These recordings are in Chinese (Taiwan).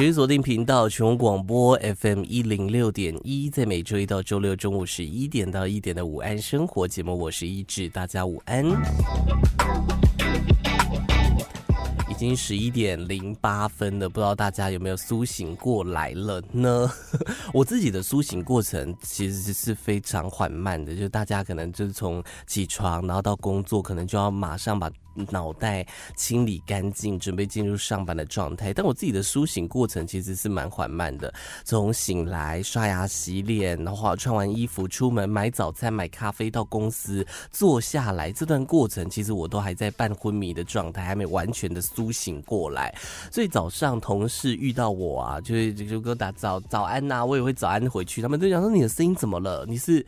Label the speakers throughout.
Speaker 1: 其實鎖定頻道，全紅廣播 FM 一零六點一，在每周一到周六中午十一點到一點的午安生活節目，我是一智，大家午安。嗯、已經十一點零八分了，不知道大家有沒有甦醒過來了呢？ 我自己的甦醒過程其實是非常緩慢的，就是大家可能就是從起床然後到工作，可能就要馬上把。腦袋清理乾淨，準備進入上班的狀態。但我自己的甦醒過程其實是蠻緩慢的，從醒來、刷牙、洗臉然後穿完衣服出門、買早餐、買咖啡到公司坐下來，這段過程其實我都還在半昏迷的狀態，還沒完全的甦醒過來。所以早上同事遇到我啊，就就給我打早早安吶、啊，我也會早安回去，他們都講說你的聲音怎麼了？你是。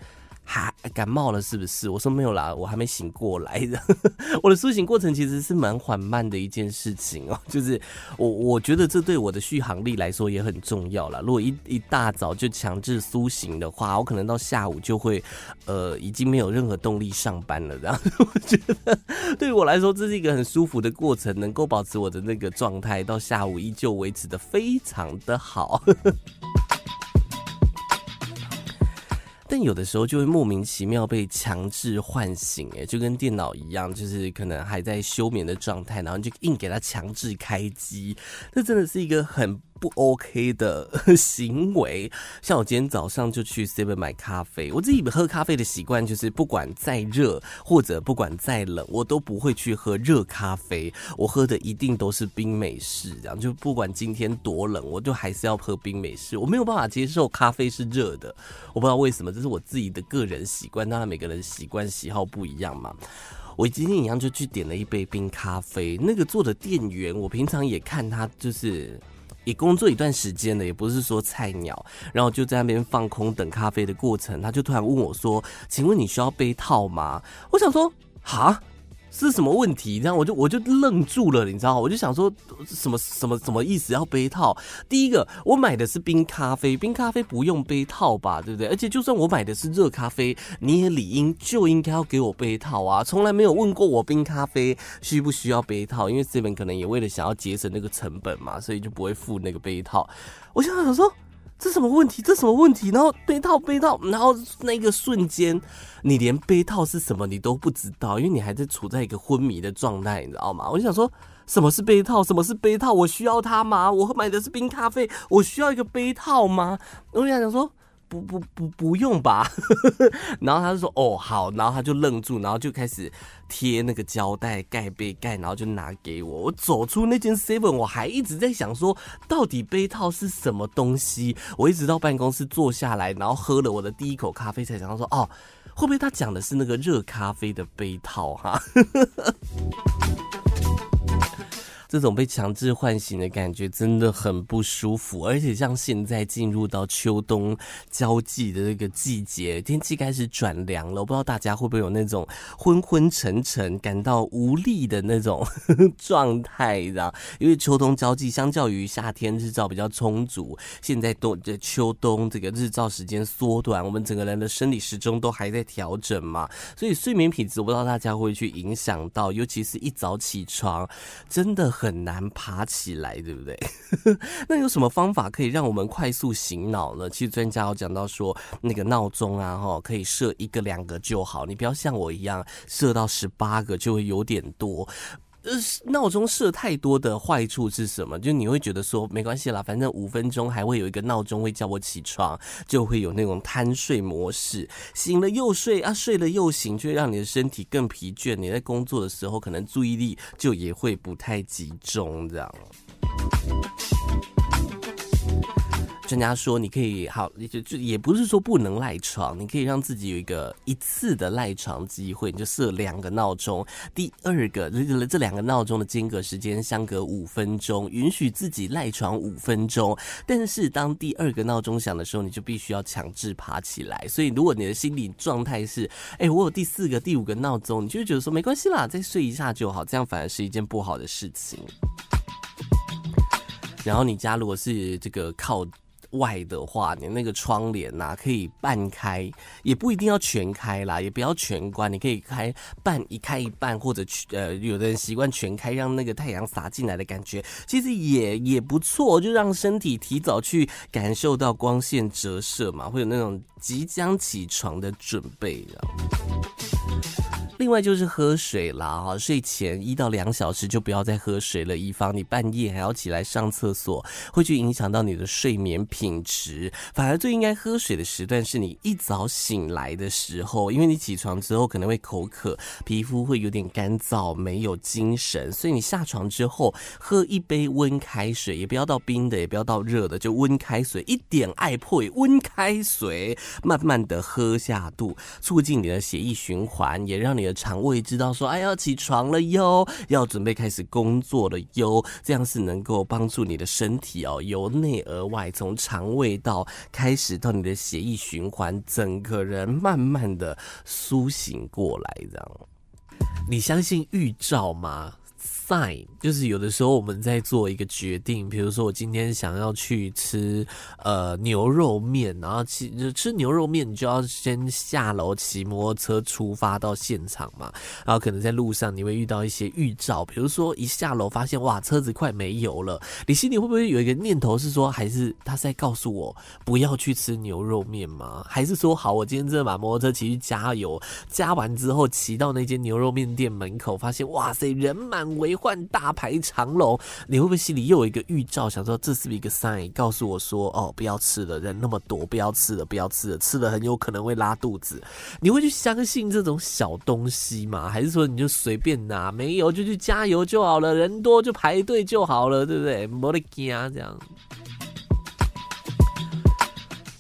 Speaker 1: 感冒了是不是？我說沒有啦，我還沒醒過來的。 我的甦醒過程其實是蠻緩慢的一件事情哦，就是我我覺得這對我的續航力來說也很重要啦。如果一一大早就強制甦醒的話，我可能到下午就會呃已經沒有任何動力上班了。這樣， 我覺得對我來說這是一個很舒服的過程，能夠保持我的那個狀態到下午依舊維持得非常的好。 但有的時候就會莫名其妙被強制喚醒，哎，就跟電腦一樣，就是可能還在休眠的狀態，然後你就硬給它強制開機，這真的是一個很。不 OK 的行為，像我今天早上就去 Seven 買咖啡。我自己喝咖啡的習慣就是，不管再熱或者不管再冷，我都不會去喝熱咖啡。我喝的一定都是冰美式，這樣就不管今天多冷，我就還是要喝冰美式。我沒有辦法接受咖啡是熱的，我不知道為什麼，這是我自己的個人習慣。當然每個人習慣喜好不一樣嘛。我今天一樣就去點了一杯冰咖啡。那個做的店員，我平常也看他就是。也工作一段時間了，也不是說菜鳥，然後就在那邊放空等咖啡的過程，他就突然問我說：“請問你需要杯套嗎？”我想說，哈？是什麼問題？這樣，我就我就愣住了，你知道嗎？我就想說，什麼什麼什麼意思，要杯套？第一個，我買的是冰咖啡，冰咖啡不用杯套吧，對不對？而且就算我買的是熱咖啡，你也理應就應該要給我杯套啊！從來沒有問過我冰咖啡需不需要杯套，因為 Seven 可能也為了想要節省那個成本嘛，所以就不會附那個杯套。我想想說。這什麼問題？這什麼問題？然後杯套杯套，然後那個瞬間，你連杯套是什麼你都不知道，因為你還在處在一個昏迷的狀態，你知道嗎？我就想說，什麼是杯套？什麼是杯套？我需要它嗎？我買的是冰咖啡，我需要一個杯套嗎？我就想說。不不不不用吧， 然後他就說哦好，然後他就愣住，然後就開始貼那個膠帶蓋杯蓋，然後就拿給我。我走出那間 seven，我還一直在想說，到底杯套是什麼東西？我一直到辦公室坐下來，然後喝了我的第一口咖啡才想到說，哦，會不會他講的是那個熱咖啡的杯套啊？哈。 這種被強制喚醒的感覺真的很不舒服，而且像現在進入到秋冬交際的這個季節，天氣開始轉涼了，我不知道大家會不會有那種昏昏沉沉、感到無力的那種狀態，啊。因為秋冬交際相較於夏天日照比較充足，現在冬這秋冬這個日照時間縮短，我們整個人的生理時鐘都還在調整嘛，所以睡眠品質，我不知道大家會不會去影響到，尤其是一早起床，真的。很難爬起來，對不對？ 那有什麼方法可以讓我們快速醒腦呢？其實專家有講到說，那個鬧鐘啊，哈，可以設一個兩個就好，你不要像我一樣設到十八個，就會有點多。呃，鬧鐘設太多的壞處是什麼？就你會覺得說沒關係啦，反正五分鐘還會有一個鬧鐘會叫我起床，就會有那種貪睡模式，醒了又睡啊，睡了又醒，就會讓你的身體更疲倦。你在工作的時候，可能注意力就也會不太集中，這樣。專家說，你可以好，就就也不是說不能賴床，你可以讓自己有一個一次的賴床機會，你就設兩個鬧鐘，第二個，這兩個鬧鐘的間隔時間相隔五分鐘，允許自己賴床五分鐘。但是當第二個鬧鐘響的時候，你就必須要強制爬起來。所以如果你的心理狀態是，哎、欸，我有第四個、第五個鬧鐘，你就會覺得說沒關係啦，再睡一下就好，這樣反而是一件不好的事情。然後你家如果是這個靠。外的話，你那個窗簾吶、啊，可以半開，也不一定要全開啦，也不要全關，你可以開半一開一半，或者呃，有的人習慣全開，讓那個太陽灑進來的感覺，其實也也不錯、哦，就讓身體提早去感受到光線折射嘛，會有那種即將起床的準備，另外就是喝水啦，哈，睡前一到兩小時就不要再喝水了，以防你半夜還要起來上廁所，會去影響到你的睡眠品質。反而最應該喝水的時段是你一早醒來的時候，因為你起床之後可能會口渴，皮膚會有點乾燥，沒有精神，所以你下床之後喝一杯溫開水，也不要倒冰的，也不要倒熱的，就溫開水，一點愛破溫開水，慢慢的喝下肚，促進你的血液循環，也讓你。腸胃知道說：“哎、啊，要起床了喲，要準備開始工作了喲。”這樣是能夠幫助你的身體哦，由內而外，從腸胃道開始到你的血液循環，整個人慢慢的甦醒過來。這樣，你相信預兆嗎？就是有的時候我們在做一個決定，比如說我今天想要去吃呃牛肉麵，然後吃吃牛肉麵你就要先下樓騎摩托車出發到現場嘛，然後可能在路上你會遇到一些預兆，比如說一下樓發現哇車子快沒油了，你心裡會不會有一個念頭是說，還是他是在告訴我不要去吃牛肉麵嗎？還是說好，我今天真的把摩托車騎去加油，加完之後騎到那間牛肉麵店門口發現哇塞人滿為換大排長龍，你會不會心裡又有一個預兆，想說這是不是一個 sign，告訴我說，哦，不要吃了，人那麼多，不要吃了，不要吃了，吃了很有可能會拉肚子。你會去相信這種小東西嗎？還是說你就隨便拿，沒有就去加油就好了，人多就排隊就好了，對不對？沒得講這樣。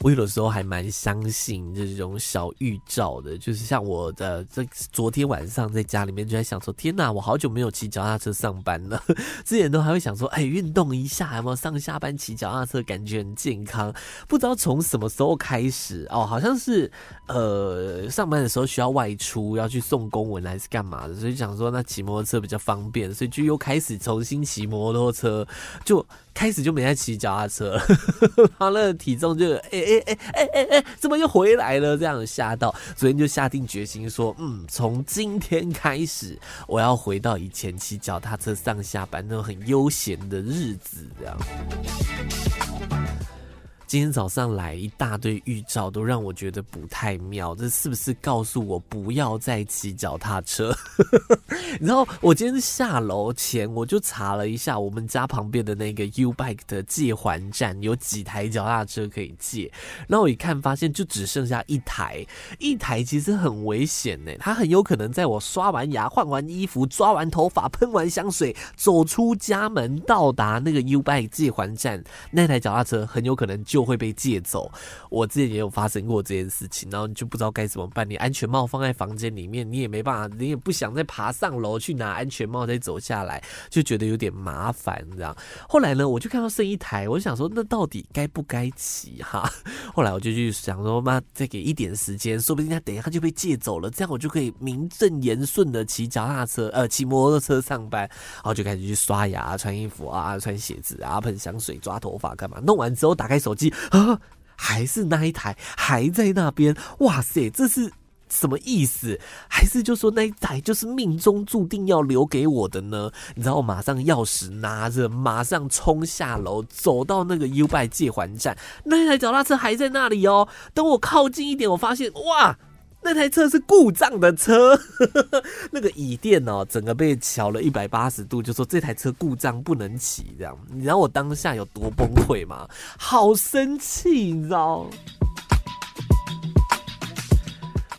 Speaker 1: 我有的時候還蠻相信這種小預兆的，就是像我的這昨天晚上在家裡面就在想說，天吶，我好久沒有騎腳踏車上班了。 之前都還會想說，哎、欸，運動一下，有沒有上下班騎腳踏車，感覺很健康。不知道從什麼時候開始，哦，好像是呃上班的時候需要外出，要去送公文還是幹嘛的，所以想說那騎摩托車比較方便，所以就又開始重新騎摩托車，就。開始就沒再騎腳踏車了， 然後那個體重就誒誒誒誒誒誒，怎麼又回來了？這樣嚇到，所以就下定決心說，嗯，從今天開始，我要回到以前騎腳踏車上下班那種很悠閒的日子，這樣。今天早上來一大堆預兆，都讓我覺得不太妙。這是不是告訴我不要再騎腳踏車？ 然後我今天下樓前，我就查了一下我們家旁邊的那個 U Bike 的借還站，有幾台腳踏車可以借。然後我一看，發現就只剩下一台，一台其實很危險呢。它很有可能在我刷完牙、換完衣服、抓完頭髮、噴完香水、走出家門、到達那個 U Bike 借還站，那台腳踏車很有可能就。都會被借走。我之前也有發生過這件事情，然後你就不知道該怎麼辦。你安全帽放在房間裡面，你也沒辦法，你也不想再爬上樓去拿安全帽，再走下來，就覺得有點麻煩，這樣。後來呢，我就看到剩一台，我想說，那到底該不該騎哈？後來我就去想說，媽，再給一點時間，說不定他等一下就被借走了，這樣我就可以名正言順的騎腳踏車，呃，騎摩托車上班。然後就開始去刷牙、穿衣服啊、穿鞋子啊、噴香水、抓頭髮幹嘛？弄完之後，打開手機。啊，還是那一台還在那邊，哇塞，這是什麼意思？還是就說那一台就是命中注定要留給我的呢？你知道我馬，馬上鑰匙拿着，馬上衝下樓，走到那個 YouBike 借還站，那一台腳踏車還在那裡哦。等我靠近一點，我發現，哇！那台車是故障的車， 那個椅墊哦、喔，整個被翹了一百八十度，就說這台車故障不能騎，這樣你知道我當下有多崩潰嗎？好生氣，你知道。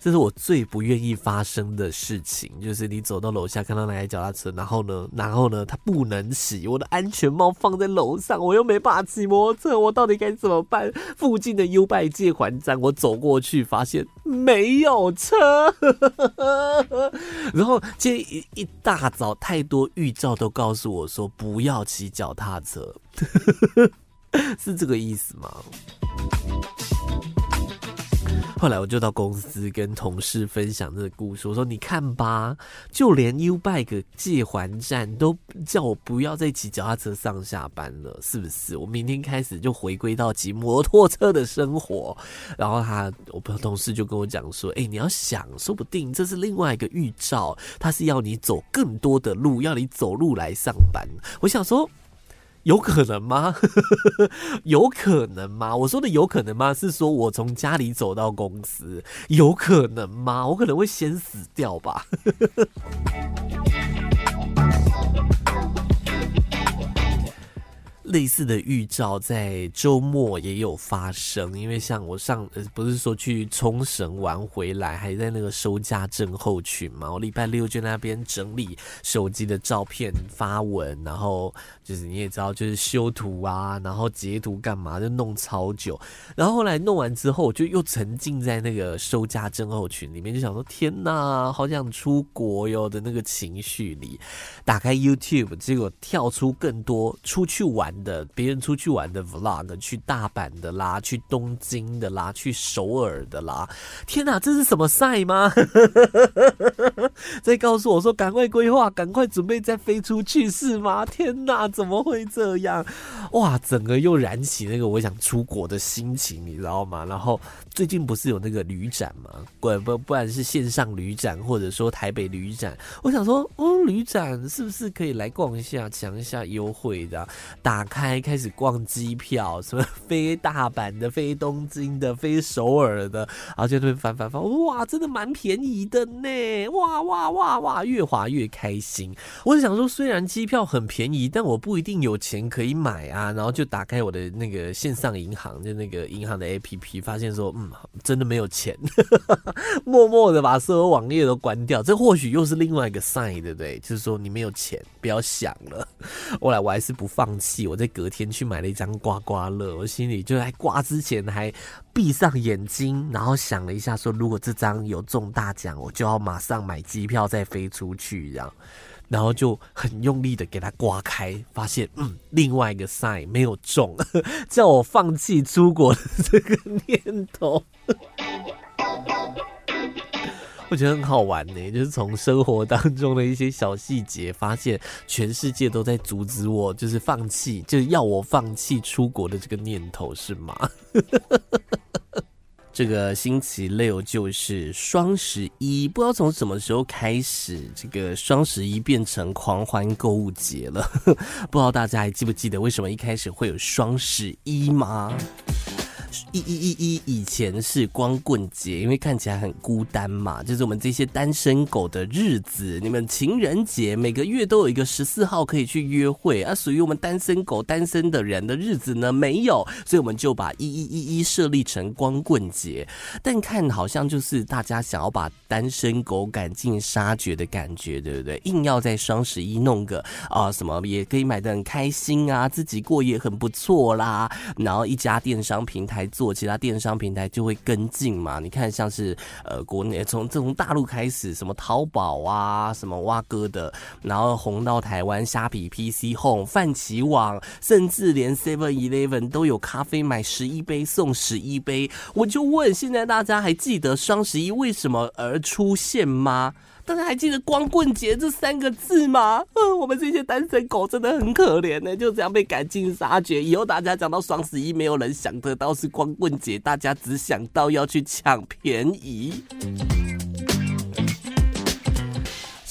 Speaker 1: 這是我最不願意發生的事情，就是你走到樓下看到那台腳踏車，然後呢，然後呢，它不能騎。我的安全帽放在樓上，我又沒辦法騎摩托車，我到底該怎麼辦？附近的優拜借還站，我走過去發現沒有車。 然後今天，一一一大早，太多預兆都告訴我說不要騎腳踏車， 是這個意思嗎？後來我就到公司跟同事分享這個故事，我說：“你看吧，就連 UBike 借還站都叫我不要再騎腳踏車上下班了，是不是？我明天開始就回歸到騎摩托車的生活。”然後他，我朋友同事就跟我講說：“哎、欸，你要想，說不定這是另外一個預兆，他是要你走更多的路，要你走路來上班。”我想說。有可能嗎？ 有可能嗎？我說的有可能嗎？是說我從家裡走到公司，有可能嗎？我可能會先死掉吧。 類似的預兆在週末也有發生，因為像我上呃不是說去沖繩玩回來，還在那個收假症候群嘛，我禮拜六就在那邊整理手機的照片發文，然後就是你也知道就是修圖啊，然後截圖幹嘛就弄超久，然後後來弄完之後我就又沉浸在那個收假症候群裡面，就想說天吶，好想出國喲的那個情緒裡，打開 YouTube，結果跳出更多出去玩。的別人出去玩的 vlog，去大阪的啦，去東京的啦，去首爾的啦。天哪，這是什麼賽嗎？再 告訴我說趕快規劃，趕快準備再飛出去是嗎？天哪，怎麼會這樣？哇，整個又燃起那個我想出國的心情，你知道嗎？然後最近不是有那個旅展嗎？不不不然是線上旅展，或者說台北旅展。我想說，哦，旅展是不是可以來逛一下，搶一下優惠的打。開開始逛機票，什麼飛大阪的、飛東京的、飛首爾的，然後就會翻翻翻，哇，真的蠻便宜的呢，哇哇哇哇，越滑越開心。我就想說，雖然機票很便宜，但我不一定有錢可以買啊。然後就打開我的那個線上銀行，就那個銀行的 APP，發現說，嗯，真的沒有錢。 默默的把所有網頁都關掉，這或許又是另外一個 sign，對不對？就是說你沒有錢，不要想了。後來我還是不放棄，我。隔天去買了一張刮刮樂，我心裡就在刮之前還閉上眼睛，然後想了一下，說如果這張有中大獎，我就要馬上買機票再飛出去，這樣，然後就很用力的給它刮開，發現嗯，另外一個 sign 沒有中，呵呵叫我放棄出國的這個念頭。我覺得很好玩呢，就是從生活當中的一些小細節，發現全世界都在阻止我，就是放棄，就是、要我放棄出國的這個念頭，是嗎？ 這個星期六就是雙十一，不知道從什麼時候開始，這個雙十一變成狂歡購物節了。 不知道大家還記不記得為什麼一開始會有雙十一嗎？一一一一以前是光棍節，因為看起來很孤單嘛，就是我們這些單身狗的日子。你們情人節每個月都有一個十四號可以去約會，而、啊、屬於我們單身狗單身的人的日子呢沒有，所以我們就把一一一一設立成光棍節。但看好像就是大家想要把單身狗趕盡殺絕的感覺，對不對？硬要在雙十一弄個啊、呃、什麼，也可以買得很開心啊，自己過也很不錯啦。然後一家電商平台。來做其他電商平台就會跟進嘛？你看，像是呃，國內從從大陸開始，什麼淘寶啊，什麼挖哥的，然後紅到台灣，蝦皮、PC Home、飯起網，甚至連 Seven Eleven 都有咖啡買十一杯送十一杯。我就問，現在大家還記得雙十一為什麼而出現嗎？還記得光棍節這三個字嗎？嗯，我們這些單身狗真的很可憐呢，就這樣被趕盡殺絕。以後大家講到雙十一，沒有人想得到是光棍節，大家只想到要去搶便宜。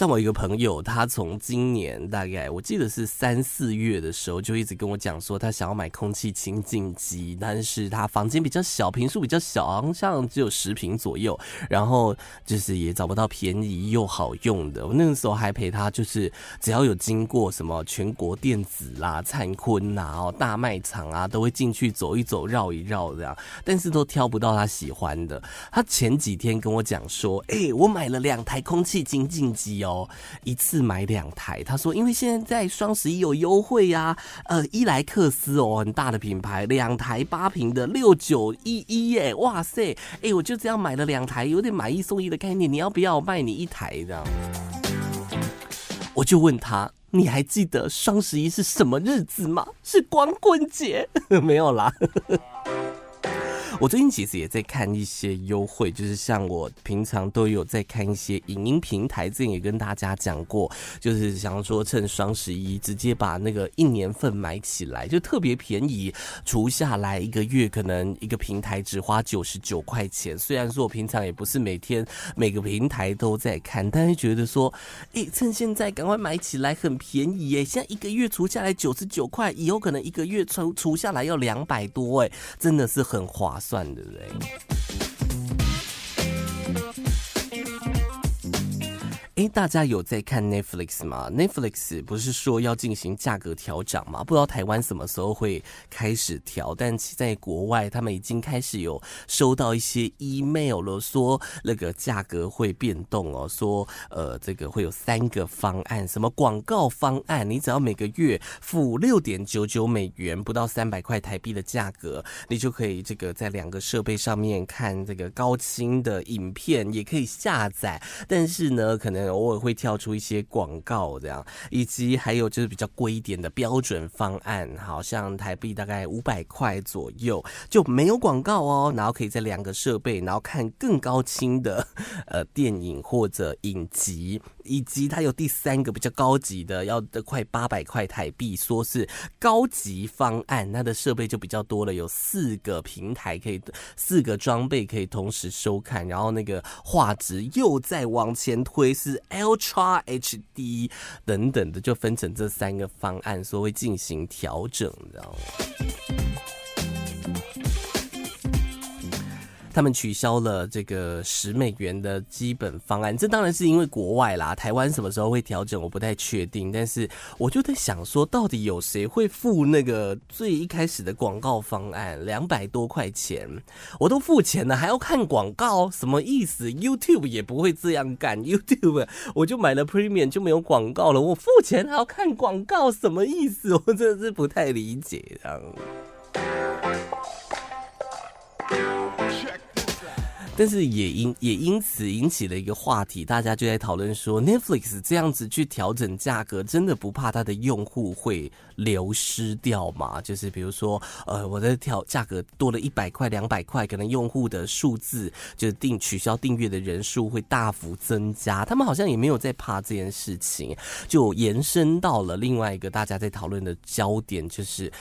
Speaker 1: 像我一個朋友，他從今年大概我記得是三四月的時候，就一直跟我講說他想要買空氣清淨機，但是他房間比較小，坪數比較小，好像只有十坪左右，然後就是也找不到便宜又好用的。我那個時候還陪他，就是只要有經過什麼全國電子啦、啊、燦坤啦、大賣場啊，都會進去走一走、繞一繞這樣，但是都挑不到他喜歡的。他前幾天跟我講說，哎、欸，我買了兩台空氣清淨機哦。哦，一次買兩台，他說，因為現在在雙十一有優惠呀、啊，呃，伊萊克斯哦，很大的品牌，兩台八平的六九一一耶，哇塞，哎、欸，我就這樣買了兩台，有點買一送一的概念，你要不要賣你一台這樣？ 我就問他，你還記得雙十一是什麼日子嗎？是光棍節， 沒有啦。 我最近其實也在看一些優惠，就是像我平常都有在看一些影音平台。之前也跟大家講過，就是想要說趁雙十一直接把那個一年份買起來，就特別便宜，除下來一個月，可能一個平台只花九十九塊錢。雖然說我平常也不是每天每個平台都在看，但是覺得說，誒、欸，趁現在趕快買起來，很便宜誒、欸，現在一個月除下來九十九塊，以後可能一個月除除下來要兩百多誒、欸，真的是很划算。算對不對？大家有在看 Netflix 嗎？Netflix 不是說要進行價格調整嗎？不知道台灣什麼時候會開始調，但其實在國外，他們已經開始有收到一些 email 了，說那個價格會變動哦，說呃這個會有三個方案，什麼廣告方案，你只要每個月付六點九九美元，不到三百塊台幣的價格，你就可以這個在兩個設備上面看這個高清的影片，也可以下載，但是呢，可能。偶爾會跳出一些廣告，這樣，以及還有就是比較貴一點的標準方案，好像台幣大概五百塊左右就沒有廣告哦，然後可以在兩個設備，然後看更高清的呃電影或者影集。以及它有第三個比較高級的，要的快八百塊台幣，說是高級方案，它的設備就比較多了，有四個平台可以，四個裝備可以同時收看，然後那個畫質又再往前推，是 Ultra HD 等等的，就分成這三個方案，說會進行調整，知道嗎？他們取消了這個十美元的基本方案，這當然是因為國外啦。台灣什麼時候會調整，我不太確定。但是我就在想說，到底有誰會付那個最一開始的廣告方案兩百多塊錢？我都付錢了，還要看廣告，什麼意思？YouTube 也不會這樣幹。YouTube 我就買了 Premium 就沒有廣告了，我付錢還要看廣告，什麼意思？我真的是不太理解這樣啊。但是也因也因此引起了一個話題，大家就在討論說，Netflix 這樣子去調整價格，真的不怕它的用戶會流失掉嗎？就是比如說，呃，我在調價格多了一百塊、兩百塊，可能用戶的數字就訂取消訂閱的人數會大幅增加。他們好像也沒有在怕這件事情，就延伸到了另外一個大家在討論的焦點，就是。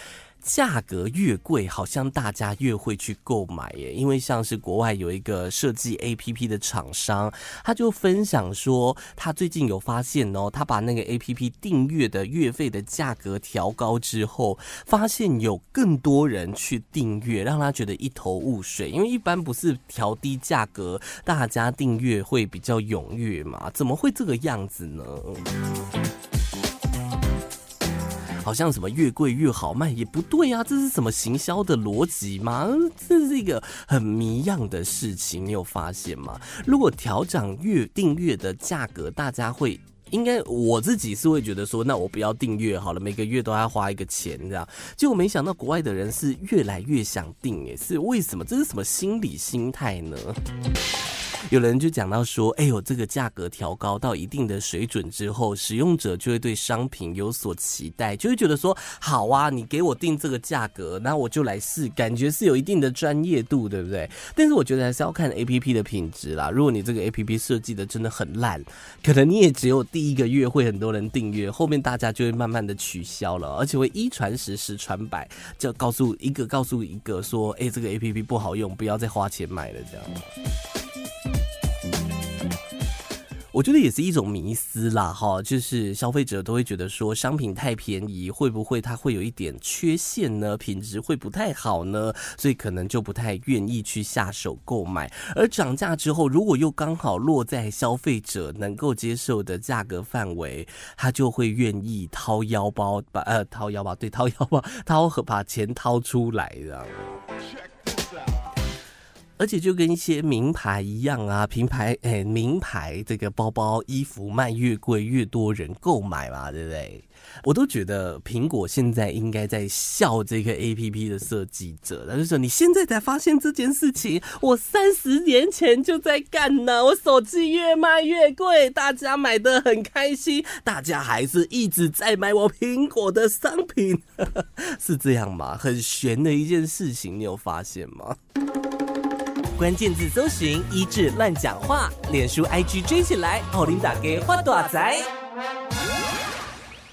Speaker 1: 價格越貴，好像大家越會去購買耶。因為像是國外有一個設計 APP 的廠商，他就分享說，他最近有發現哦，他把那個 APP 訂閱的月費的價格調高之後，發現有更多人去訂閱，讓他覺得一頭霧水。因為一般不是調低價格，大家訂閱會比較踴躍嘛？怎麼會這個樣子呢？好像什麼越貴越好賣也不對啊，這是什麼行銷的邏輯嗎？這是一個很謎樣的事情，你有發現嗎？如果調漲月訂閱的價格，大家會應該，我自己是會覺得說，那我不要訂閱好了，每個月都要花一個錢，這樣。結果沒想到國外的人是越來越想訂，哎，是為什麼？這是什麼心理心態呢？有人就講到說，哎呦，我這個價格調高到一定的水準之後，使用者就會對商品有所期待，就會覺得說，好啊，你給我定這個價格，那我就來試，感覺是有一定的專業度，對不對？但是我覺得還是要看 A P P 的品質啦。如果你這個 A P P 設計的真的很爛，可能你也只有第一個月會很多人訂閱，後面大家就會慢慢的取消了，而且會一傳十，十傳百，就告訴一個告訴一個說，哎，這個 A P P 不好用，不要再花錢買了這樣。我覺得也是一種迷思啦，哈，就是消費者都會覺得說，商品太便宜，會不會它會有一點缺陷呢？品質會不太好呢？所以可能就不太願意去下手購買。而漲價之後，如果又剛好落在消費者能夠接受的價格範圍，他就會願意掏腰包，把，呃，掏腰包，對，掏腰包，掏和，把錢掏出來的。Check this out. 而且就跟一些名牌一樣啊，品牌誒、欸，名牌這個包包、衣服賣越貴越多人購買嘛，對不對？我都覺得蘋果現在應該在笑這個 APP 的設計者，但，就是說：“你現在才發現這件事情？我三十年前就在幹呢，我手機越賣越貴，大家買得很開心，大家還是一直在買我蘋果的商品， 是這樣嗎？很玄的一件事情，你有發現嗎？”關鍵字搜尋，1誌亂講話，臉書 IG 追起來，奧林打給花朵仔。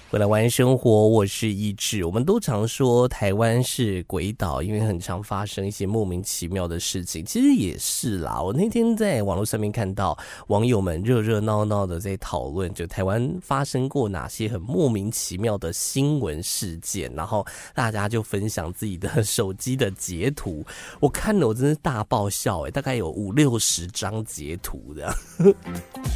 Speaker 1: 回來午安生活，我是一志。我們都常說台灣是鬼島，因為很常發生一些莫名其妙的事情。其實也是啦。我那天在網絡上面看到網友們熱熱鬧鬧的在討論，就台灣發生過哪些很莫名其妙的新聞事件，然後大家就分享自己的手機的截圖。我看了，我真的大爆笑誒、欸，大概有五六十張截圖的，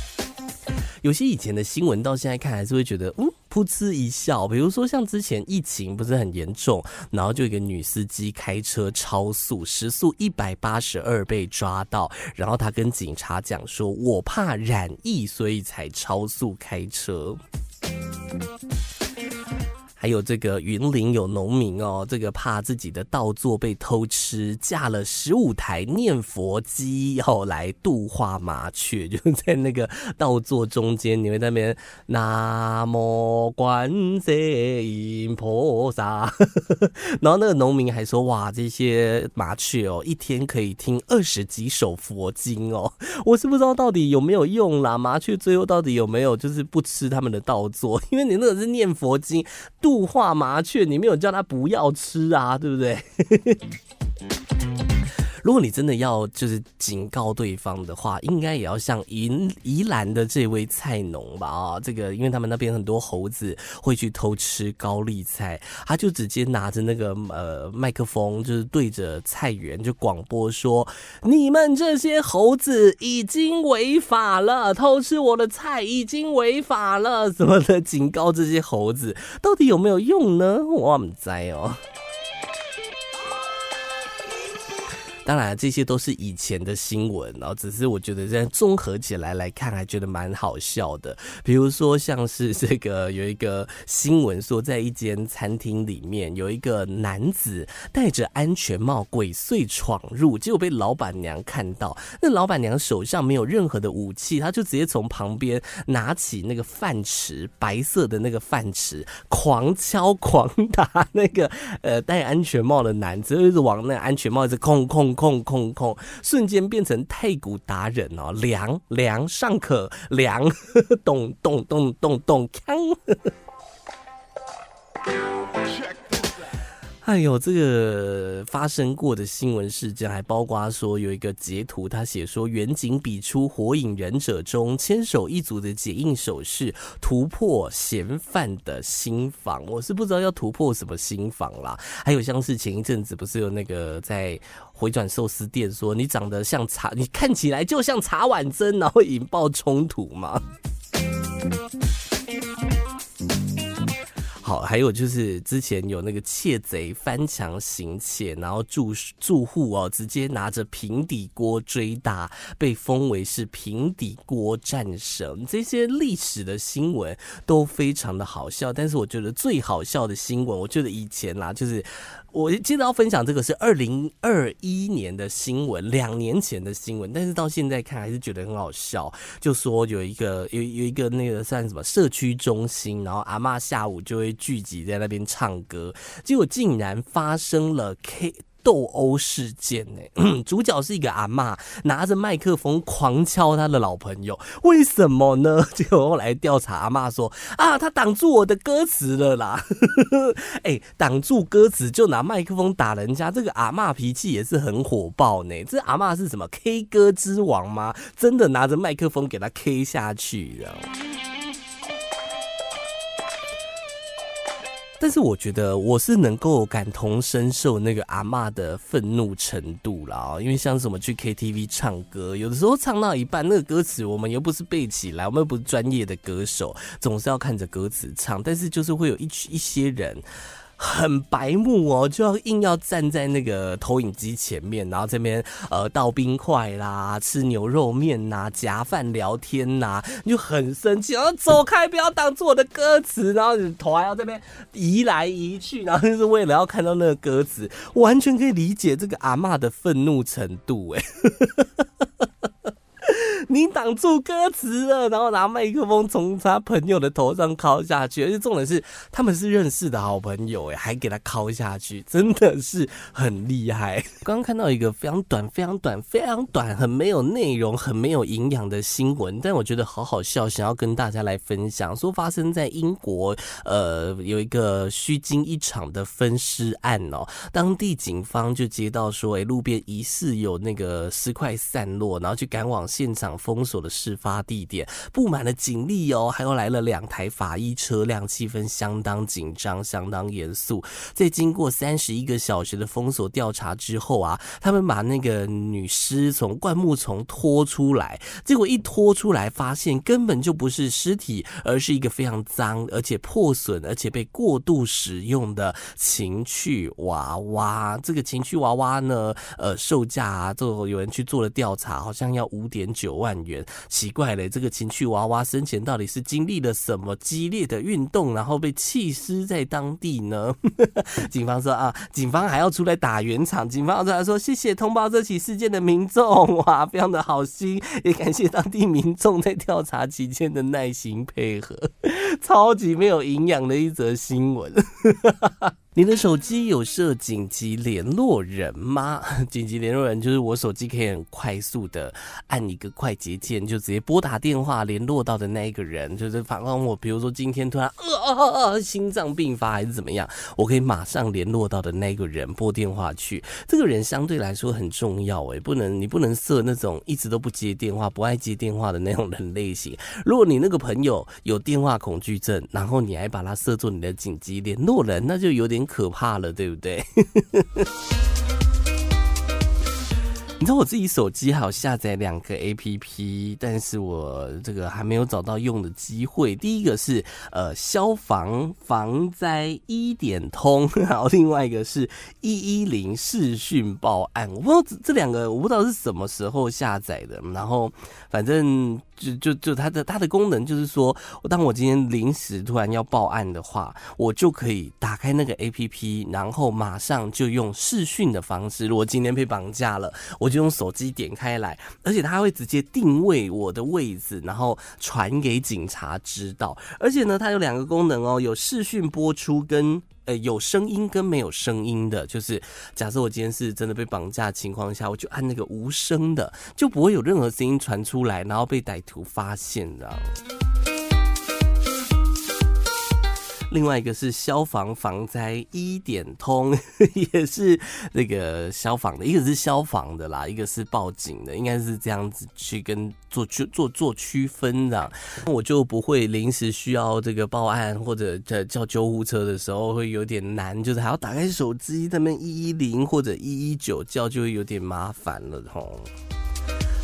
Speaker 1: 有些以前的新聞到現在看還是會覺得，嗯。噗嗤一笑，比如說像之前疫情不是很嚴重，然後就有一個女司機開車超速，時速一百八十二被抓到，然後她跟警察講說：“我怕染疫，所以才超速開車。”還有這個雲林有農民哦，這個怕自己的稻作被偷吃，架了十五台念佛機要來度化麻雀，就在那個稻作中間，你們在那邊南無觀世音菩薩。 然後那個農民還說，哇，這些麻雀哦，一天可以聽二十幾首佛經哦，我是不知道到底有沒有用啦。麻雀最後到底有沒有就是不吃他們的稻作，因為你那個是念佛經霧化麻雀，你沒有叫他不要吃啊，對不對？ 如果你真的要就是警告對方的話，應該也要像宜宜蘭的這位菜農吧啊、哦，這個因為他們那邊很多猴子會去偷吃高麗菜，他就直接拿着那個呃麥克風，就是對着菜園就廣播說：“你們這些猴子已經違法了，偷吃我的菜已經違法了，”什麼的警告這些猴子，到底有沒有用呢？我們栽哦。當然，這些都是以前的新聞，然後只是我覺得這樣綜合起來來看，還覺得蠻好笑的。比如說，像是這個有一個新聞說，在一間餐廳裡面，有一個男子戴着安全帽鬼祟闖入，結果被老闆娘看到。那老闆娘手上沒有任何的武器，她就直接從旁邊拿起那個飯匙，白色的那個飯匙，狂敲狂打那個呃戴安全帽的男子，就一直往那個安全帽一直控控，空空空，瞬間變成太鼓達人哦！涼涼尚可，涼咚咚咚咚咚鏘！呵呵哎呦，這個發生過的新聞事件還包括說有一個截圖，他寫說遠景比出《火影忍者》中千手一族的解印手勢突破嫌犯的心防。我是不知道要突破什麼心防啦。還有像是前一陣子不是有那個在回轉壽司店說你長得像茶，你看起來就像茶碗蒸，然後引爆衝突嗎？好，還有就是之前有那個竊賊翻牆行竊，然後住住戶哦，直接拿着平底鍋追打，被封為是平底鍋戰神。這些歷史的新聞都非常的好笑，但是我覺得最好笑的新聞，我覺得以前啦、啊，就是。我接着要分享這個是二零二一年的新聞，兩年前的新聞，但是到現在看還是覺得很好笑。就說有一個有有一個那個算什麼社區中心，然後阿嬤下午就會聚集在那邊唱歌，結果竟然發生了 K。鬥毆事件呢？主角是一個阿嬤，拿着麥克風狂敲他的老朋友，為什麼呢？結果後來調查，阿嬤說：“啊，他擋住我的歌詞了啦！”哎、 欸，擋住歌詞就拿麥克風打人家，這個阿嬤脾氣也是很火爆呢。這阿嬤是什麼 K 歌之王嗎？真的拿着麥克風給他 K 下去了，了但是我覺得我是能夠感同身受那個阿嬤的憤怒程度啦，因為像什麼去 KTV 唱歌，有的時候唱到一半，那個歌詞我們又不是背起來，我們又不是專業的歌手，總是要看着歌詞唱，但是就是會有一一些人。很白目哦，就要硬要站在那個投影機前面，然後這邊呃倒冰塊啦，吃牛肉麵吶，夾飯聊天吶，你就很生氣，然後走開，不要擋住我的歌詞，然後你頭還要這邊移來移去，然後就是為了要看到那個歌詞，完全可以理解這個阿嬤的憤怒程度，誒。 你擋住歌詞了，然後拿麥克風從他朋友的頭上敲下去。而且重點是，他們是認識的好朋友，哎，還給他敲下去，真的是很厲害。剛剛看到一個非常短、非常短、非常短、很沒有內容、很沒有營養的新聞，但我覺得好好笑，想要跟大家來分享。說發生在英國，呃，有一個虛驚一場的分屍案哦。當地警方就接到說，哎，路邊疑似有那個屍塊散落，然後去趕往。現場封鎖的事發地點布滿了警力哦，還有來了兩台法醫車輛，氣氛相當緊張，相當嚴肅。在經過三十一個小時的封鎖調查之後啊，他們把那個女屍從灌木叢拖出來，結果一拖出來，發現根本就不是屍體，而是一個非常髒、而且破損、而且被過度使用的情趣娃娃。這個情趣娃娃呢，呃，售價啊，就有人去做了調查，好像要五點。點九萬元，奇怪嘞！這個情趣娃娃生前到底是經歷了什麼激烈的運動，然後被棄屍在當地呢？ 警方說啊，警方還要出來打圓場，警方要出來說，謝謝通報這起事件的民眾，哇，非常的好心，也感謝當地民眾在調查期間的耐心配合。超級沒有營養的一則新聞。 你的手機有設緊急聯絡人嗎？緊急聯絡人就是我手機可以很快速的按一個快捷鍵，就直接撥打電話聯絡到的那一個人，就是反正我比如說今天突然呃，呃，呃心臟病發還是怎麼樣，我可以馬上聯絡到的那個人撥電話去。這個人相對來說很重要哎、欸，不能你不能設那種一直都不接電話、不愛接電話的那種人類型。如果你那個朋友有電話恐懼症，然後你還把他設作你的緊急聯絡人，那就有點。很可怕了，對不對？ 你知道我自己手機好下載兩個 A P P，但是我這個還沒有找到用的機會。第一個是呃消防防災一點通，然後另外一個是一一零視訊報案。我不知道這兩個我不知道是什麼時候下載的，然後反正就就就它的它的功能就是說，當我今天臨時突然要報案的話，我就可以打開那個 A P P，然後馬上就用視訊的方式。如果今天被綁架了，我就。我就用手機點開來，而且它會直接定位我的位置，然後傳給警察知道。而且呢，它有兩個功能哦，有視訊播出跟呃有聲音跟沒有聲音的。就是假設我今天是真的被綁架的情況下，我就按那個無聲的，就不會有任何聲音傳出來，然後被歹徒發現的。另外一個是消防防災一點通，也是那個消防的，一個是消防的啦，一個是報警的，應該是這樣子去跟做區做做區分的啊。我就不會臨時需要這個報案或者叫叫救護車的時候會有點難，就是還要打開手機，在那邊一一零或者一一九叫就會有點麻煩了，吼。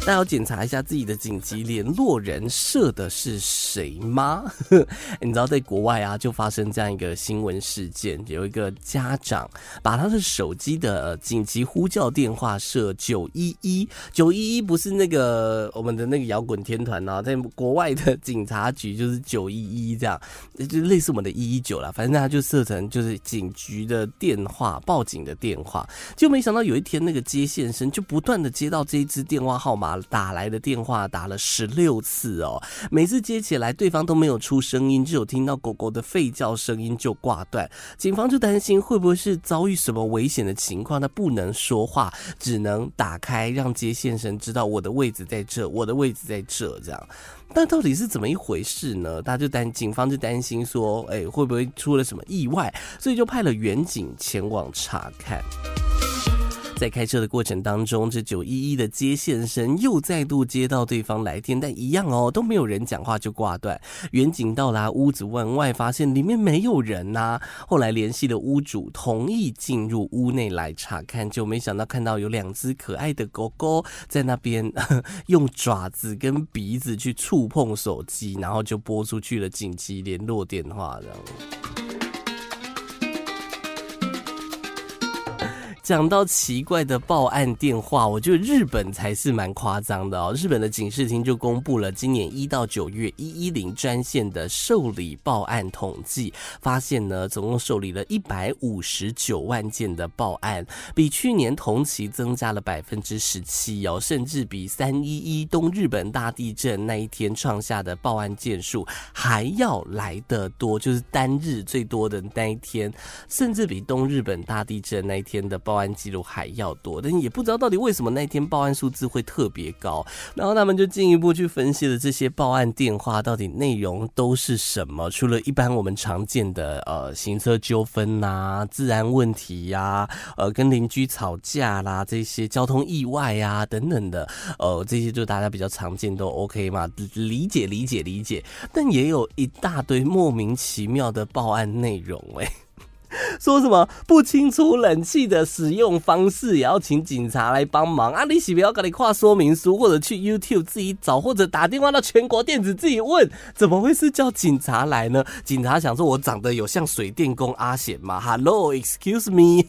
Speaker 1: 大家要檢查一下自己的緊急聯絡人設的是誰嗎？ 你知道，在國外啊，就發生這樣一個新聞事件，有一個家長把他的手機的、呃、緊急呼叫電話設九一一九一一，不是那個我們的那個搖滾天團啊，在國外的警察局就是九一一這樣，就類似我們的一一九啦，反正他就設成就是警局的電話，報警的電話。就沒想到有一天，那個接線生就不斷的接到這一支電話號碼。打來的電話打了十六次哦，每次接起來對方都沒有出聲音，只有聽到狗狗的吠叫聲音就掛斷。警方就擔心會不會是遭遇什麼危險的情況，他不能說話，只能打開讓接線生知道我的位置在這，我的位置在這。這樣，但到底是怎麼一回事呢？他就擔，警方就擔心說，哎，會不會出了什麼意外？所以就派了員警前往查看。在開車的過程當中，這九一一的接線生又再度接到對方來電，但一樣哦，都沒有人講話就掛斷。員警到達、啊、屋子門外，發現裡面沒有人吶、啊。後來聯繫的屋主同意進入屋內來查看，就沒想到看到有兩只可愛的狗狗在那邊用爪子跟鼻子去觸碰手機，然後就撥出去了緊急聯絡電話了。這樣講到奇怪的報案電話，我覺得日本才是蠻誇張的哦。日本的警視廳就公布了今年一到九月一一零專線的受理報案統計，發現呢，總共受理了一百五十九萬件的報案，比去年同期增加了百分之十七哦，甚至比三一一東日本大地震那一天創下的報案件數還要來得多，就是單日最多的那一天，甚至比東日本大地震那一天的報。報案記錄還要多，但也不知道到底為什麼那天報案數字會特別高。然後他們就進一步去分析了這些報案電話到底內容都是什麼。除了一般我們常見的呃行車糾紛吶、啊、治安問題呀、啊、呃跟鄰居吵架啦這些交通意外呀、啊、等等的，呃這些就大家比較常見都 OK 嘛，理解理解理解。但也有一大堆莫名其妙的報案內容誒、欸。說什麼不清楚冷氣的使用方式，也要請警察來幫忙啊？你喜不要跟你畫說明書，或者去 YouTube 自己找，或者打電話到全國電子自己問，怎麼會是叫警察來呢？警察想說我長得有像水電工阿賢嗎？Hello，excuse me，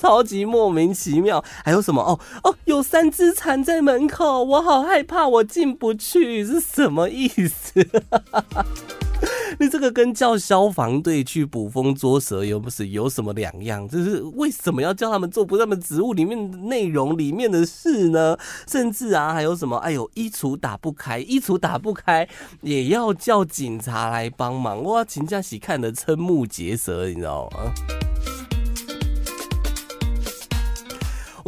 Speaker 1: 超級莫名其妙。還有什麼？哦哦，有三隻蟬在門口，我好害怕，我進不去，是什麼意思？ 那這個跟叫消防隊去捕風捉蛇又不是有什麼兩樣？就是為什麼要叫他們做不那麼職務裡面內容裡面的事呢？甚至啊，還有什麼？哎呦，衣櫥打不開，衣櫥打不開，也要叫警察來幫忙。哇，秦佳喜看得瞠目結舌，你知道嗎？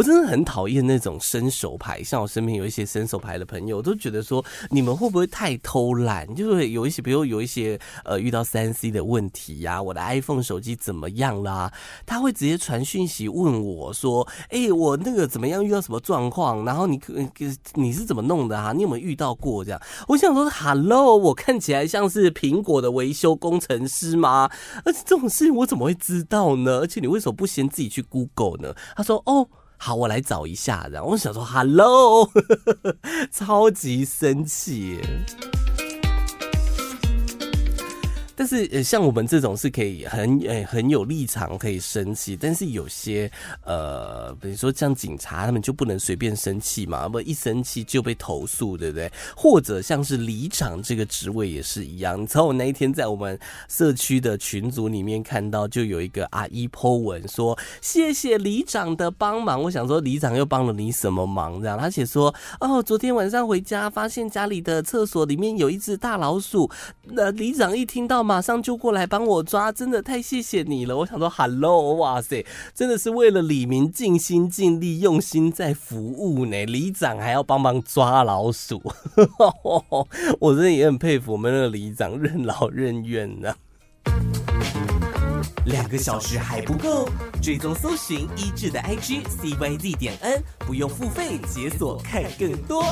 Speaker 1: 我真的很討厭那種伸手牌，像我身邊有一些伸手牌的朋友，我都覺得說你們會不會太偷懶？就是有一些，比如有一些呃遇到三 C 的問題呀、啊，我的 iPhone 手機怎麼樣啦、啊？他會直接傳訊息問我說：“誒、欸、我那個怎麼樣？遇到什麼狀況？然後你你你是怎麼弄的啊？你有沒有遇到過這樣？”我想說：“Hello，我看起來像是蘋果的維修工程師嗎？而且這種事情我怎麼會知道呢？而且你為什麼不先自己去 Google 呢？”他說：“哦。”好，我來找一下，然後我想說，Hello，呵呵超級生氣。但是呃，像我們這種是可以很呃、欸、很有立場可以生氣，但是有些呃，比如說像警察他們就不能隨便生氣嘛，不一生氣就被投訴，對不對？或者像是里長這個職位也是一樣。你知道我那一天在我們社區的群組裡面看到，就有一個阿姨 po 文說：“謝謝里長的幫忙。”我想說里長又幫了你什麼忙？這樣他寫說：“哦，昨天晚上回家發現家裡的廁所裡面有一隻大老鼠。呃”那里長一聽到。馬上就過來幫我抓，真的太謝謝你了！我想說，Hello 哇塞，真的是為了里民盡心盡力、用心在服務呢。里長還要幫忙抓老鼠，呵呵呵，我真的也很佩服我們的里長，任勞任怨的、啊。兩個小時還不夠，追蹤搜尋一誌的 IG CYZ 點 N，不用付費解鎖看更多。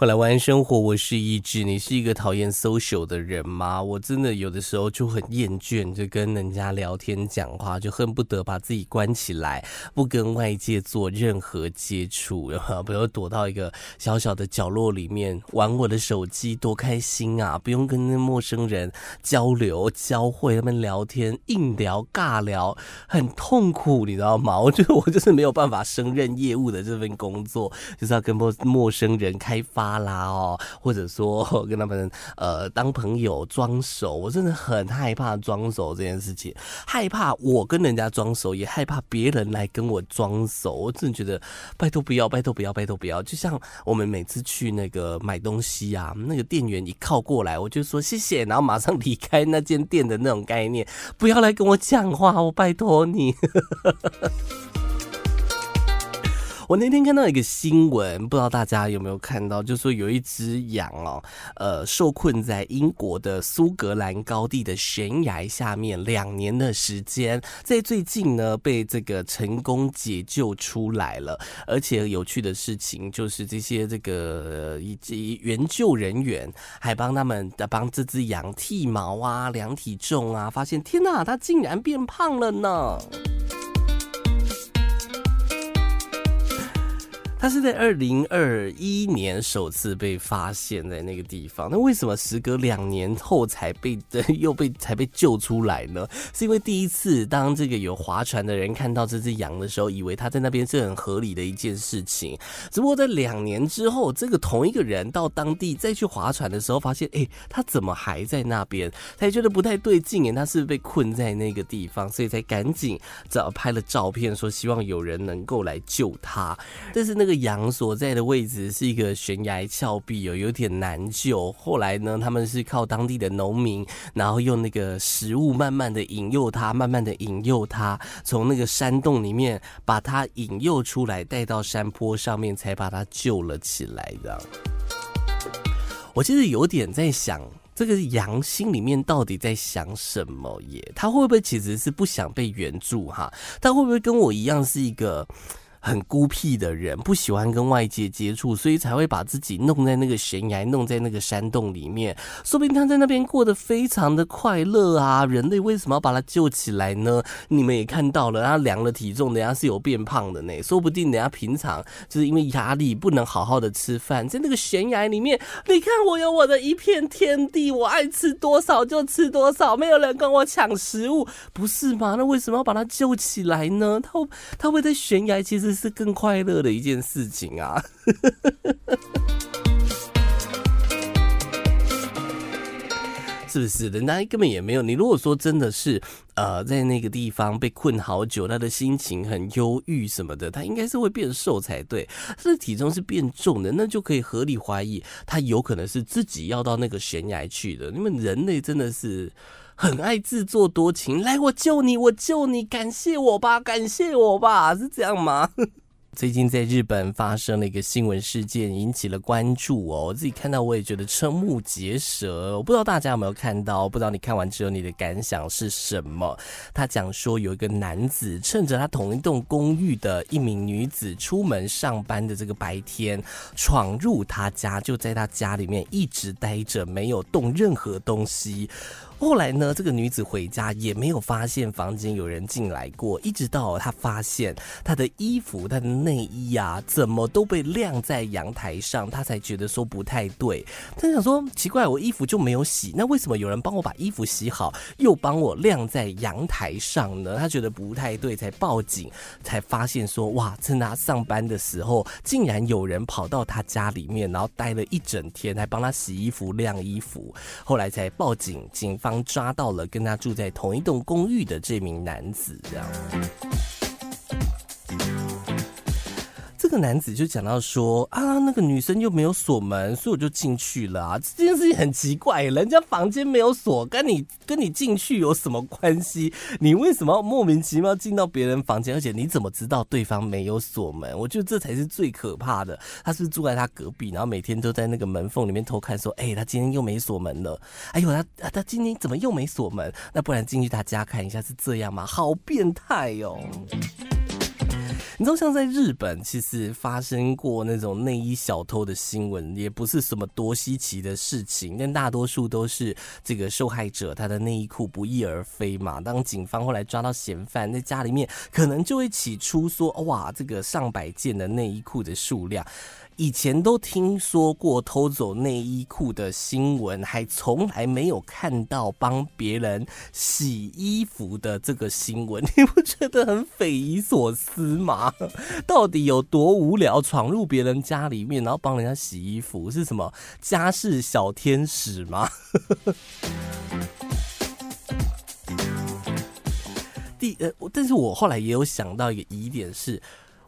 Speaker 1: 後來玩生活！我是一誌，你是一個討厭 social 的人嗎？我真的有的時候就很厭倦，就跟人家聊天講話，就恨不得把自己關起來，不跟外界做任何接觸，然後不要躲到一個小小的角落裡面玩我的手機，多開心啊！不用跟那陌生人交流、交匯、他們聊天、硬聊、尬聊，很痛苦，你知道嗎？我覺得我就是沒有辦法勝任業務的這份工作，就是要跟陌陌生人開發。拉拉哦，或者說跟他們呃當朋友裝熟，我真的很害怕裝熟這件事情，害怕我跟人家裝熟，也害怕別人來跟我裝熟。我真的覺得，拜托不要，拜托不要，拜托不要。就像我們每次去那個買東西啊，那個店員一靠過來，我就說謝謝，然後馬上離開那間店的那種概念，不要來跟我講話，我拜托你。 我那天看到一個新聞，不知道大家有沒有看到？就是說有一隻羊哦，呃，受困在英國的蘇格蘭高地的懸崖下面兩年的時間，在最近呢被這個成功解救出來了。而且有趣的事情就是，這些這個，呃，以及援救人員還幫他們幫這隻羊剃毛啊、量體重啊，發現天吶，它竟然變胖了呢！他是在二零二一年首次被發現，在那個地方。那為什麼時隔兩年後才被又被才被救出來呢？是因為第一次，當這個有划船的人看到這隻羊的時候，以為他在那邊是很合理的一件事情。只不過在兩年之後，這個同一個人到當地再去划船的時候，發現，哎，他怎麼還在那邊？他也覺得不太對勁。哎，他是不是被困在那個地方，所以才趕緊找拍了照片，說希望有人能夠來救他。但是那個。這個羊所在的位置是一個懸崖峭壁哦，有點難救。後來呢，他們是靠當地的農民，然後用那個食物慢慢的引誘它，慢慢的引誘它，從那個山洞裡面把它引誘出來，帶到山坡上面，才把它救了起來。這樣，我其實有點在想，這個羊心裡面到底在想什麼？耶，它會不會其實是不想被援助？哈，它會不會跟我一樣是一個？很孤僻的人，不喜歡跟外界接觸，所以才會把自己弄在那個懸崖，弄在那個山洞裡面。說不定他在那邊過得非常的快樂啊！人類為什麼要把他救起來呢？你們也看到了，他量了體重，人家是有變胖的呢。說不定人家平常就是因為壓力，不能好好的吃飯，在那個懸崖裡面，你看我有我的一片天地，我愛吃多少就吃多少，沒有人跟我搶食物，不是嗎？那為什麼要把他救起來呢？他他會在懸崖，其實。是更快樂的一件事情啊，是不是？人家根本也沒有。你如果說真的是，呃，在那個地方被困好久，他的心情很憂鬱什麼的，他應該是會變瘦才對。他的體重是變重的，那就可以合理懷疑他有可能是自己要到那個懸崖去的。因為人類真的是。很愛自作多情，來我救你，我救你，感謝我吧，感謝我吧，是這樣嗎？ 最近在日本發生了一個新聞事件，引起了關注哦。我自己看到我也覺得瞠目結舌，我不知道大家有沒有看到，不知道你看完之後你的感想是什麼？他講說有一個男子趁着他同一棟公寓的一名女子出門上班的這個白天，闖入他家，就在他家裡面一直待着，沒有動任何東西。後來呢？這個女子回家也沒有發現房間有人進來過，一直到她發現她的衣服、她的內衣呀、啊，怎麼都被晾在陽台上，她才覺得說不太對。她想說奇怪，我衣服就沒有洗，那為什麼有人幫我把衣服洗好，又幫我晾在陽台上呢？她覺得不太對，才報警，才發現說哇，趁她上班的時候，竟然有人跑到她家裡面，然後待了一整天，還幫她洗衣服、晾衣服。後來才報警，警方，剛抓到了跟他住在同一棟公寓的這名男子，這樣。這個男子就講到說啊，那個女生又沒有鎖門，所以我就進去了啊。這件事情很奇怪，人家房間沒有鎖，跟你跟你進去有什麼關係？你為什麼要莫名其妙進到別人房間？而且你怎麼知道對方沒有鎖門？我覺得這才是最可怕的。他是不是住在他隔壁，然後每天都在那個門縫裡面偷看說，說哎，他今天又沒鎖門了。哎呦，他他今天怎麼又沒鎖門？那不然進去他家看一下是這樣嗎？好變態喲、哦！你知道，像在日本，其實發生過那種內衣小偷的新聞，也不是什麼多稀奇的事情。但大多數都是這個受害者，他的內衣褲不翼而飛嘛。當警方後來抓到嫌犯，在家裡面可能就會起初說：“哇，這個上百件的內衣褲的數量。”以前都聽說過偷走內衣褲的新聞，還從來沒有看到幫別人洗衣服的這個新聞。你不覺得很匪夷所思嗎？到底有多無聊？闖入別人家裡面，然後幫人家洗衣服，是什麼家事小天使嗎？第呃，但是我後來也有想到一個疑點是，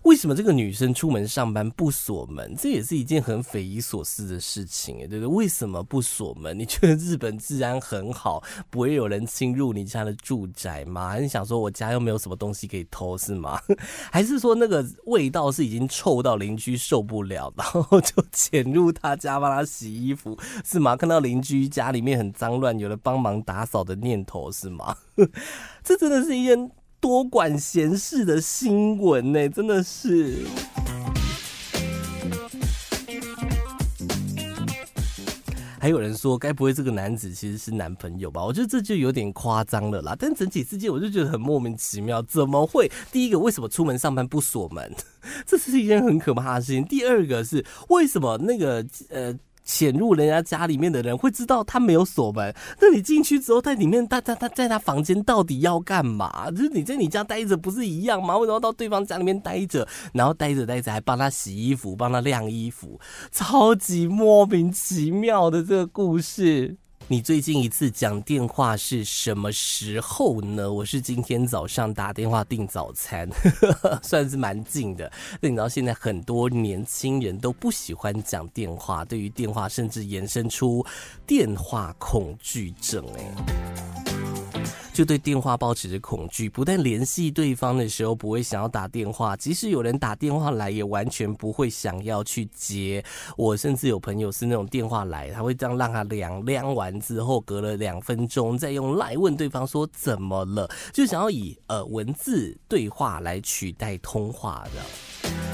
Speaker 1: 為什麼這個女生出門上班不鎖門？這也是一件很匪夷所思的事情，哎，對不對？為什麼不鎖門？你覺得日本治安很好，不會有人侵入你家的住宅嗎？你想說我家又沒有什麼東西可以偷，是嗎？還是說那個味道是已經臭到鄰居受不了，然後就潛入他家幫他洗衣服，是嗎？看到鄰居家裡面很髒亂，有了幫忙打掃的念頭，是嗎？這真的是一件。多管閒事的新聞呢、欸，真的是。還有人說，該不會這個男子其實是男朋友吧？我覺得這就有點誇張了啦。但整體事件，我就覺得很莫名其妙，怎麼會？第一個，為什麼出門上班不鎖門？這是一件很可怕的事情。第二個是，為什麼那個呃？潛入人家家裡面的人會知道他沒有鎖門，那你進去之後，在裡面，他他他在他房間到底要幹嘛？就是你在你家待着不是一樣嗎？為什麼要到對方家裡面待着，然後待着待着還幫他洗衣服、幫他晾衣服，超級莫名其妙的這個故事。你最近一次講電話是什麼時候呢？我是今天早上打電話訂早餐，呵呵，算是蠻近的。那你知道現在很多年輕人都不喜歡講電話，對於電話甚至延伸出電話恐懼症，欸。就對電話抱持着恐懼，不但聯繫對方的時候不會想要打電話，即使有人打電話來，也完全不會想要去接。我甚至有朋友是那種電話來，他會這樣讓他涼涼完之後，隔了兩分鐘再用 LINE 問對方說怎麼了，就想要以呃文字對話來取代通話的。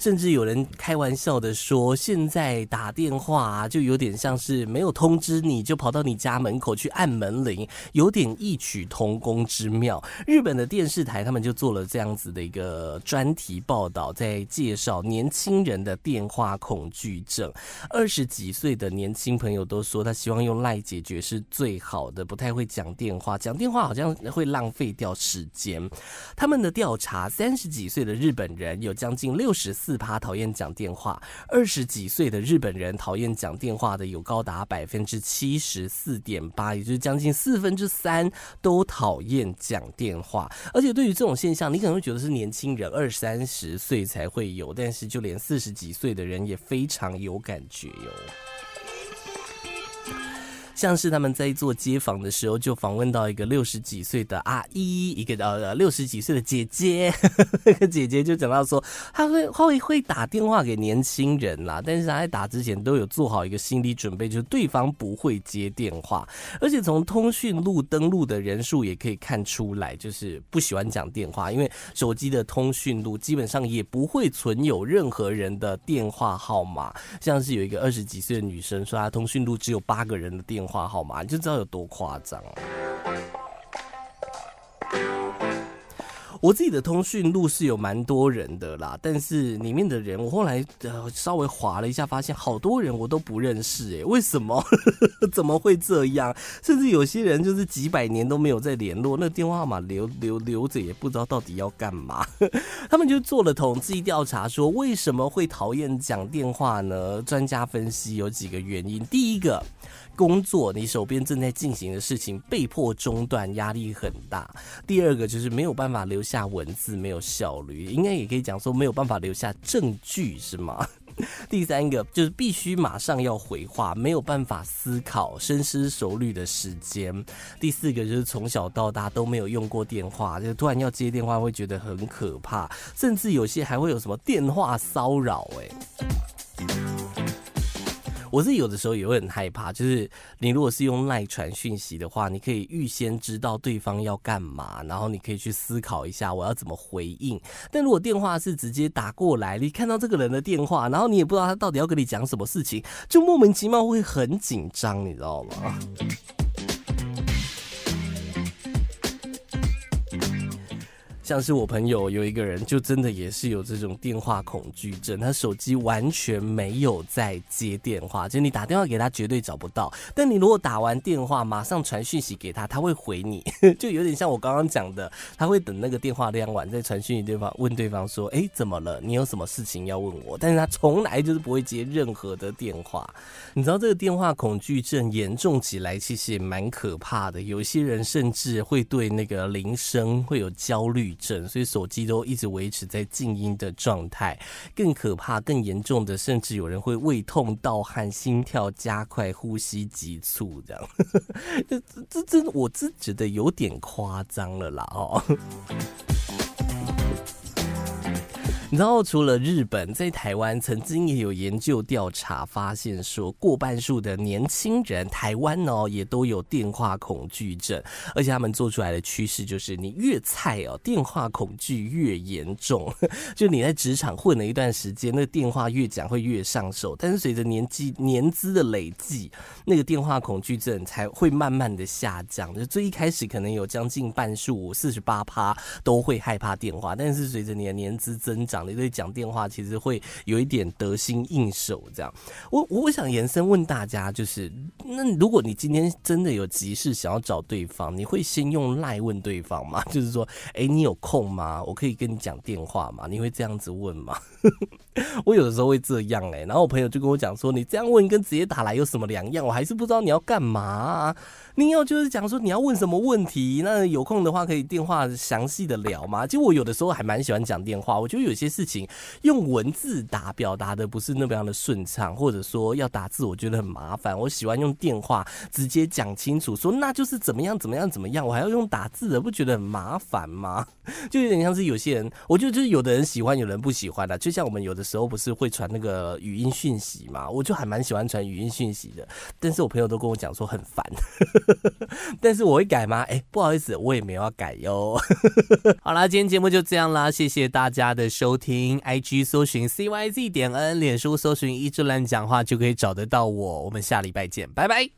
Speaker 1: 甚至有人開玩笑的說，現在打電話啊，就有點像是沒有通知你就跑到你家門口去按門鈴，有點異曲同工之妙。日本的電視台他們就做了這樣子的一個專題報道，在介紹年輕人的電話恐懼症。二十幾歲的年輕朋友都說，他希望用賴解決是最好的，不太會講電話，講電話好像會浪費掉時間。他們的調查，三十幾歲的日本人有將近六十四。四趴討厭講電話，二十幾歲的日本人討厭講電話的有高達百分之七十四點八，也就是將近四分之三都討厭講電話。而且對於這種現象，你可能會覺得是年輕人二三十歲才會有，但是就連四十幾歲的人也非常有感覺喲。像是他們在做街訪的時候，就訪問到一個六十幾歲的阿姨，一個呃六十幾歲的姐姐，那個姐姐就講到說，她會會會打電話給年輕人啦，啊，但是她在打之前都有做好一個心理準備，就是對方不會接電話，而且從通訊錄登錄的人數也可以看出來，就是不喜歡講電話，因為手機的通訊錄基本上也不會存有任何人的電話號碼。像是有一個二十幾歲的女生說，她通訊錄只有八個人的電話。好嗎？你就知道有多誇張、啊。我自己的通訊錄是有蠻多人的啦，但是裡面的人，我後來呃稍微滑了一下，發現好多人我都不認識、欸，哎，為什麼？ 怎麼會這樣？甚至有些人就是幾百年都沒有再聯絡，那電話號碼留留留着也不知道到底要幹嘛。 他們就做了統計調查，說為什麼會討厭講電話呢？專家分析有幾個原因，第一個。工作，你手邊正在進行的事情被迫中斷，壓力很大。第二個就是沒有辦法留下文字，沒有效率，應該也可以講說沒有辦法留下證據，是嗎？第三個就是必須馬上要回話，沒有辦法思考、深思熟慮的時間。第四個就是從小到大都沒有用過電話，就突然要接電話會覺得很可怕，甚至有些還會有什麼電話騷擾、欸，哎。我是有的時候也會很害怕，就是你如果是用賴傳訊息的話，你可以預先知道對方要幹嘛，然後你可以去思考一下我要怎麼回應。但如果電話是直接打過來，你看到這個人的電話，然後你也不知道他到底要跟你講什麼事情，就莫名其妙會很緊張，你知道嗎？像是我朋友有一個人，就真的也是有這種電話恐懼症，他手機完全沒有在接電話，就是你打電話給他絕對找不到。但你如果打完電話，馬上傳訊息給他，他會回你， 就有點像我剛剛講的，他會等那個電話量完再傳訊息。對方，問對方說：“哎、欸，怎麼了？你有什麼事情要問我？”但是他從來就是不會接任何的電話。你知道這個電話恐懼症嚴重起來，其實也蠻可怕的。有些人甚至會對那個鈴聲會有焦慮。所以手機都一直維持在靜音的狀態，更可怕、更嚴重的，甚至有人會胃痛、盜汗、心跳加快、呼吸急促，這樣， 這這，這，這我自覺得有點誇張了啦哦。 然後除了日本，在台灣曾經也有研究調查，發現說過半數的年輕人，台灣哦也都有電話恐懼症，而且他們做出來的趨勢就是，你越菜哦，電話恐懼越嚴重，就你在職場混了一段時間，那個電話越講會越上手，但是隨着年紀年資的累計，那個電話恐懼症才會慢慢的下降，就最一開始可能有將近半數四十八趴都會害怕電話，但是隨着你的年資增長。講你對講電話，其實會有一點得心應手。這樣，我我想延伸問大家，就是那如果你今天真的有急事想要找對方，你會先用賴問對方嗎？就是說，哎、欸，你有空嗎？我可以跟你講電話嗎？你會這樣子問嗎？ 我有的時候會這樣哎、欸，然後我朋友就跟我講說，你這樣問跟直接打來有什麼兩樣？我還是不知道你要幹嘛、啊。你要就是講說你要問什麼問題，那有空的話可以電話詳細的聊嗎？就我有的時候還蠻喜歡講電話，我覺得有些事情用文字打表達的不是那麼樣的順暢，或者說要打字我覺得很麻煩。我喜歡用電話直接講清楚，說那就是怎麼樣怎麼樣怎麼樣，我還要用打字的，不覺得很麻煩嗎？就有點像是有些人，我覺得就是有的人喜歡，有的人不喜歡的。就像我們有的時候不是會傳那個語音訊息嘛，我就還蠻喜歡傳語音訊息的，但是我朋友都跟我講說很煩。 但是我會改嗎？哎，不好意思，我也沒有要改喲。 好啦，今天節目就這樣啦，謝謝大家的收聽。I G 搜尋 C Y Z 點 N，臉書搜尋一誌亂講話就可以找得到我。我們下禮拜見，拜拜。